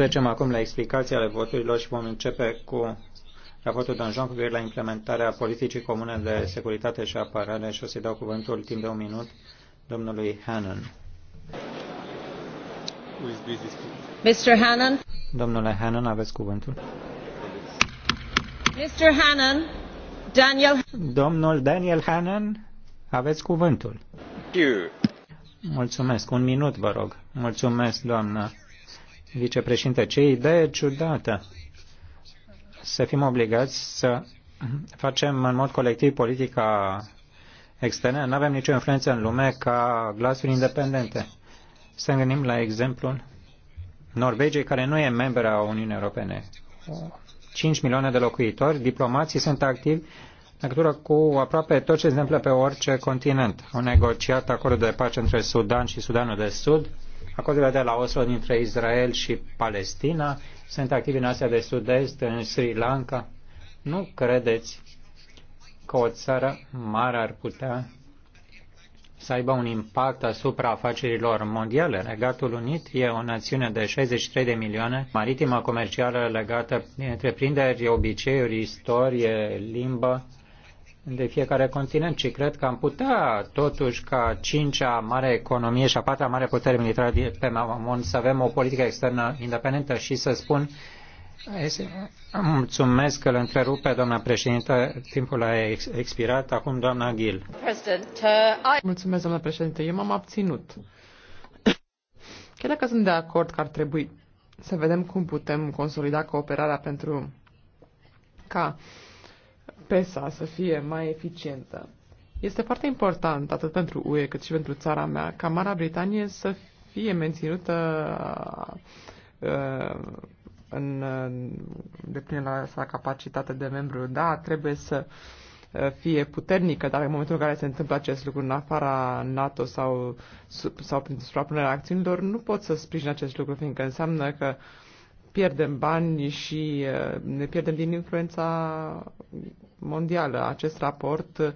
Trecem acum la explicația ale voturilor și vom începe cu raportul Donjon cu privire la implementarea politicii comune de securitate și apărare și o să-i dau cuvântul timp de un minut domnului Hannon. Mr. Hannon. Domnule Hannon, aveți cuvântul. Mr. Hannon, Daniel... Domnul Daniel Hannon, aveți cuvântul. Mulțumesc. Un minut, vă rog. Mulțumesc, doamnă vicepreședinte, ce idee ciudată să fim obligați să facem în mod colectiv politica externă. Nu avem nicio influență în lume ca glasuri independente. Să gândim la exemplul Norvegiei, care nu e membra a Uniunii Europene. 5 milioane de locuitori, diplomații sunt activi în legătură cu aproape tot ce se întâmplă pe orice continent. Au negociat acordul de pace între Sudan și Sudanul de Sud, Acolo de la Oslo dintre Israel și Palestina, sunt activi în Asia de Sud-Est, în Sri Lanka. Nu credeți că o țară mare ar putea să aibă un impact asupra afacerilor mondiale. Regatul Unit e o națiune de 63 de milioane, maritimă comercială legată de întreprinderi, obiceiuri, istorie, limbă, de fiecare continent, ci cred că am putea totuși ca cincea mare economie și a patra mare putere militară pe Mamon să avem o politică externă independentă și să spun Mulțumesc că îl întrerupe, doamna președintă. Timpul a expirat. Acum, doamna Ghil. Uh, mulțumesc, doamna președinte. Eu m-am abținut. Chiar dacă sunt de acord că ar trebui să vedem cum putem consolida cooperarea pentru ca PESA să fie mai eficientă. Este foarte important, atât pentru UE cât și pentru țara mea, ca Marea Britanie să fie menținută uh, în deplinirea sa capacitate de membru. Da, trebuie să uh, fie puternică, dar în momentul în care se întâmplă acest lucru în afara NATO sau, sau prin suprapunerea acțiunilor, nu pot să sprijin acest lucru, fiindcă înseamnă că pierdem bani și uh, ne pierdem din influența mondială. Acest raport uh,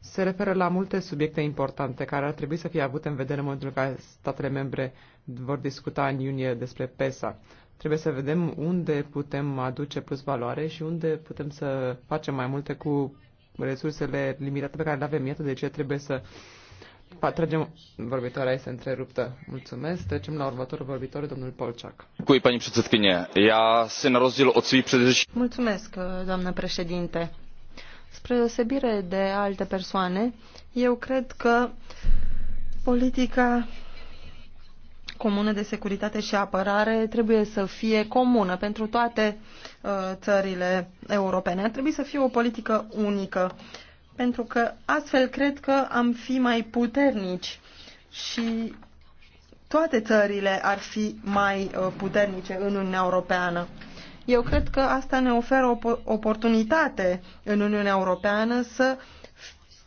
se referă la multe subiecte importante care ar trebui să fie avute în vedere în momentul în care statele membre vor discuta în iunie despre PESA. Trebuie să vedem unde putem aduce plus valoare și unde putem să facem mai multe cu resursele limitate pe care le avem. Iată de ce trebuie să uh, Tragem, vorbitoarea este întreruptă. Mulțumesc. Trecem la următorul vorbitor, domnul Polciac. Cui, pani předsedkyně, Ia se na rozdíl od svých předřečníků. Mulțumesc, doamnă președinte. Spre deosebire de alte persoane, eu cred că politica comună de securitate și apărare trebuie să fie comună pentru toate uh, țările europene. Ar trebui să fie o politică unică pentru că astfel cred că am fi mai puternici și toate țările ar fi mai uh, puternice în Uniunea Europeană. Eu cred că asta ne oferă o oportunitate în Uniunea Europeană să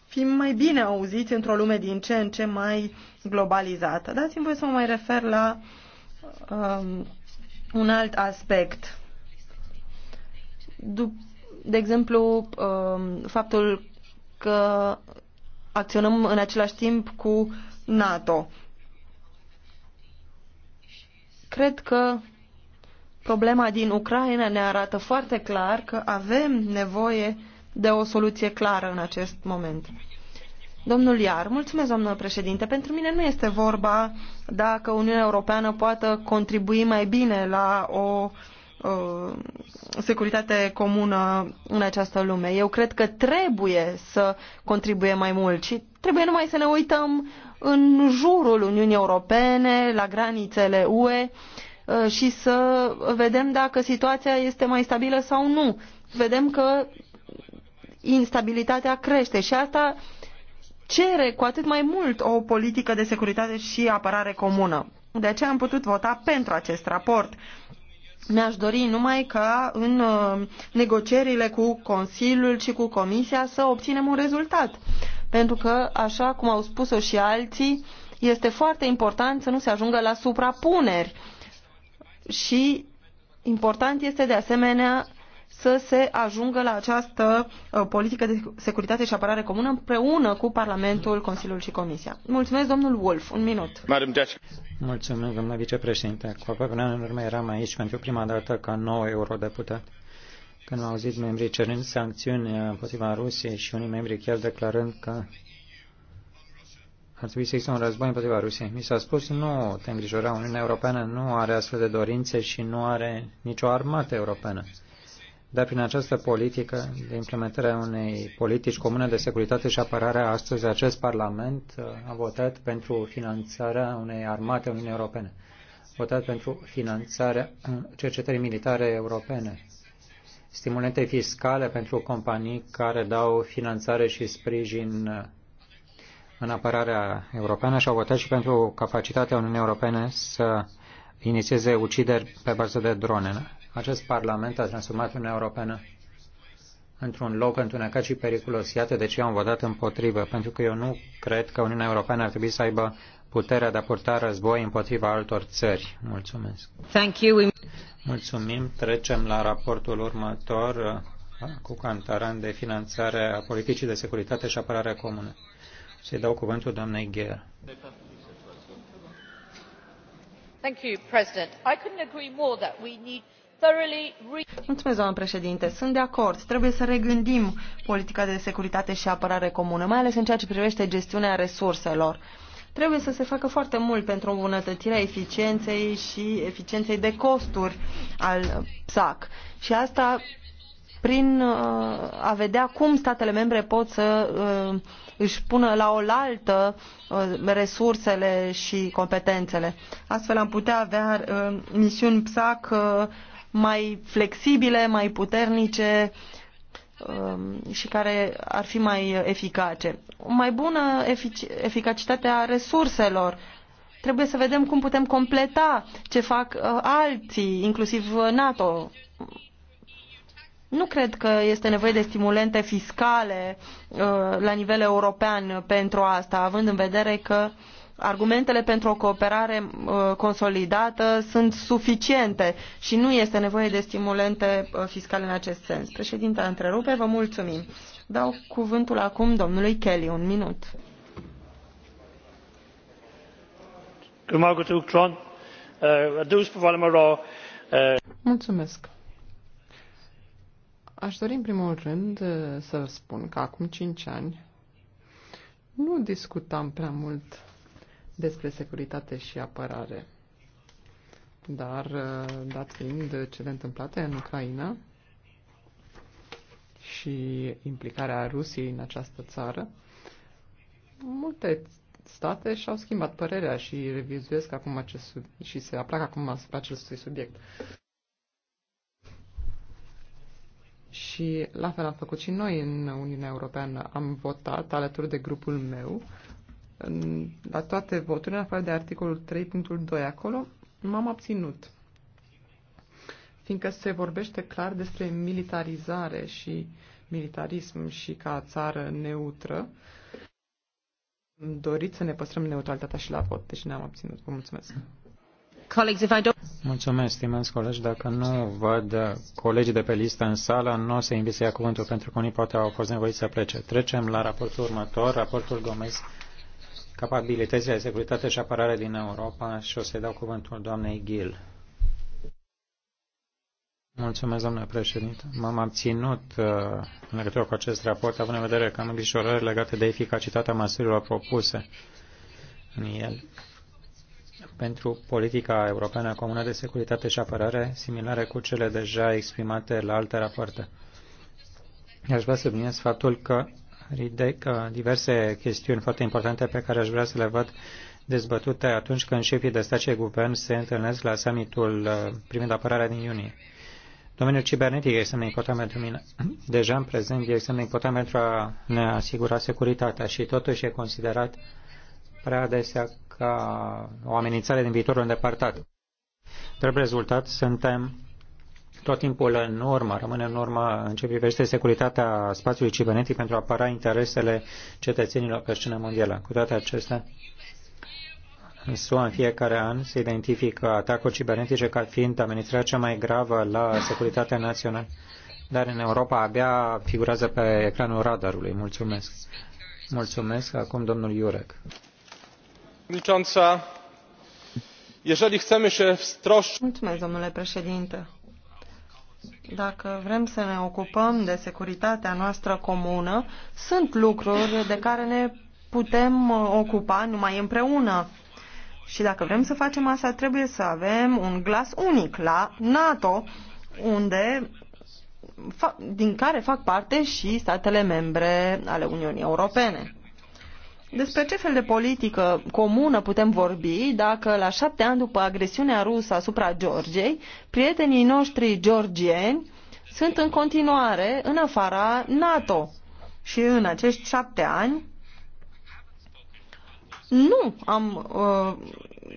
fim mai bine auziți într-o lume din ce în ce mai globalizată. Dați-mi voi să mă mai refer la um, un alt aspect. de exemplu, um, faptul că acționăm în același timp cu NATO. Cred că problema din Ucraina ne arată foarte clar că avem nevoie de o soluție clară în acest moment. Domnul Iar, mulțumesc, domnul președinte. Pentru mine nu este vorba dacă Uniunea Europeană poate contribui mai bine la o uh, Uh, securitate comună în această lume. Eu cred că trebuie să contribuie mai mult și trebuie numai să ne uităm în jurul Uniunii Europene, la granițele UE uh, și să vedem dacă situația este mai stabilă sau nu. Vedem că instabilitatea crește și asta cere cu atât mai mult o politică de securitate și apărare comună. De aceea am putut vota pentru acest raport mi-aș dori numai ca în uh, negocierile cu Consiliul și cu Comisia să obținem un rezultat. Pentru că, așa cum au spus-o și alții, este foarte important să nu se ajungă la suprapuneri. Și important este de asemenea să se ajungă la această uh, politică de securitate și apărare comună împreună cu Parlamentul, Consiliul și Comisia. Mulțumesc, domnul Wolf. Un minut. Mulțumesc, domnule vicepreședinte. Cu aproape în urmă eram aici pentru prima dată ca nou eurodeputat. Când am auzit membrii cerând sancțiuni uh, împotriva Rusiei și unii membri chiar declarând că ar trebui să existe un război împotriva Rusiei. Mi s-a spus, nu te îngrijora, Uniunea Europeană nu are astfel de dorințe și nu are nicio armată europeană dar prin această politică de implementare a unei politici comune de securitate și apărare, astăzi acest Parlament uh, a votat pentru finanțarea unei armate Uniunii Europene, votat pentru finanțarea cercetării militare europene, stimulente fiscale pentru companii care dau finanțare și sprijin uh, în apărarea europeană și au votat și pentru capacitatea Uniunii Europene să inițieze ucideri pe bază de drone. Acest Parlament a transformat Uniunea Europeană într-un loc întunecat și periculos. Iată de ce am votat împotrivă, pentru că eu nu cred că Uniunea Europeană ar trebui să aibă puterea de a purta război împotriva altor țări. Mulțumesc. Thank you. Mulțumim. Trecem la raportul următor cu cantaran de finanțare a politicii de securitate și apărare comună. Să-i dau cuvântul doamnei Gher doamnă președinte sunt de acord trebuie să regândim politica de securitate și apărare comună mai ales în ceea ce privește gestiunea resurselor. trebuie să se facă foarte mult pentru îmbunătățirea eficienței și eficienței de costuri al psac uh, și asta prin uh, a vedea cum statele membre pot să uh, își pună la oaltă uh, resursele și competențele. Astfel am putea avea misiuni PSAC mai flexibile, mai puternice și care ar fi mai eficace. O mai bună efic eficacitate a resurselor. Trebuie să vedem cum putem completa ce fac alții, inclusiv NATO nu cred că este nevoie de stimulente fiscale uh, la nivel european pentru asta, având în vedere că argumentele pentru o cooperare uh, consolidată sunt suficiente și nu este nevoie de stimulente uh, fiscale în acest sens. Președinte, întrerupe, vă mulțumim. Dau cuvântul acum domnului Kelly, un minut. Mulțumesc. Aș dori în primul rând uh, să spun că acum 5 ani nu discutam prea mult despre securitate și apărare. Dar, uh, dat fiind cele întâmplate în Ucraina și implicarea Rusiei în această țară, multe state și-au schimbat părerea și revizuiesc acum acest și se aplacă acum asupra acestui subiect. Și la fel am făcut și noi în Uniunea Europeană. Am votat alături de grupul meu în, la toate voturile, în afară de articolul 3.2 acolo, m-am abținut. Fiindcă se vorbește clar despre militarizare și militarism și ca țară neutră, dorit să ne păstrăm neutralitatea și la vot, deci ne-am abținut. Vă mulțumesc! Mulțumesc, stimați colegi. Dacă nu văd colegii de pe listă în sală, nu o să invit să ia cuvântul pentru că unii poate au fost nevoiți să plece. Trecem la raportul următor, raportul Gomez, capabilitățile de securitate și apărare din Europa și o să-i dau cuvântul doamnei Gil. Mulțumesc, domnule președinte. M-am abținut uh, în legătură cu acest raport, având în vedere că am îngrijorări legate de eficacitatea măsurilor propuse în el pentru politica europeană comună de securitate și apărare, similare cu cele deja exprimate la alte rapoarte. Aș vrea să subliniez faptul că ridic diverse chestiuni foarte importante pe care aș vrea să le văd dezbătute atunci când șefii de stat și guvern se întâlnesc la summitul uh, privind apărarea din iunie. Domeniul cibernetic este mai important pentru mine. Deja în prezent este mai important pentru a ne asigura securitatea și totuși e considerat prea adesea ca o amenințare din viitorul îndepărtat. Drept rezultat, suntem tot timpul în urmă, rămâne în urmă în ce privește securitatea spațiului cibernetic pentru a apăra interesele cetățenilor pe scenă mondială. Cu toate acestea, în SUA în fiecare an se identifică atacuri cibernetice ca fiind amenințarea cea mai gravă la securitatea națională, dar în Europa abia figurează pe ecranul radarului. Mulțumesc. Mulțumesc. Acum domnul Iurec domnule președinte dacă vrem să ne ocupăm de securitatea noastră comună sunt lucruri de care ne putem uh, ocupa numai împreună și dacă vrem să facem asta trebuie să avem un glas unic la nato unde din care fac parte și statele membre ale Uniunii Europene. Despre ce fel de politică comună putem vorbi dacă la șapte ani după agresiunea rusă asupra Georgiei, prietenii noștri georgieni sunt în continuare în afara NATO? Și în acești șapte ani nu am uh,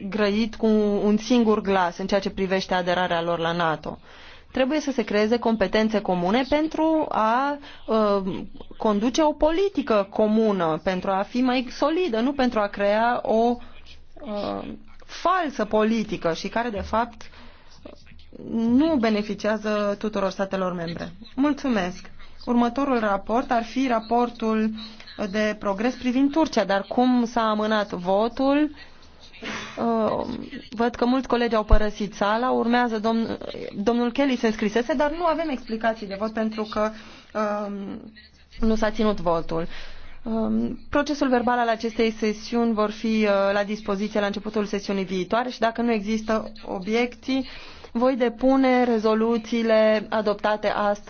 grăit cu un singur glas în ceea ce privește aderarea lor la NATO. Uh, Trebuie să se creeze competențe comune pentru a uh, conduce o politică comună, pentru a fi mai solidă, nu pentru a crea o uh, falsă politică și care, de fapt, nu beneficiază tuturor statelor membre. Mulțumesc! Următorul raport ar fi raportul de progres privind Turcia, dar cum s-a amânat votul, Uh, văd că mulți colegi au părăsit sala. Urmează domn, domnul Kelly se înscrisese, dar nu avem explicații de vot pentru că um, nu s-a ținut votul. Um, procesul verbal al acestei sesiuni vor fi uh, la dispoziție la începutul sesiunii viitoare și dacă nu există obiecții, voi depune rezoluțiile adoptate astăzi.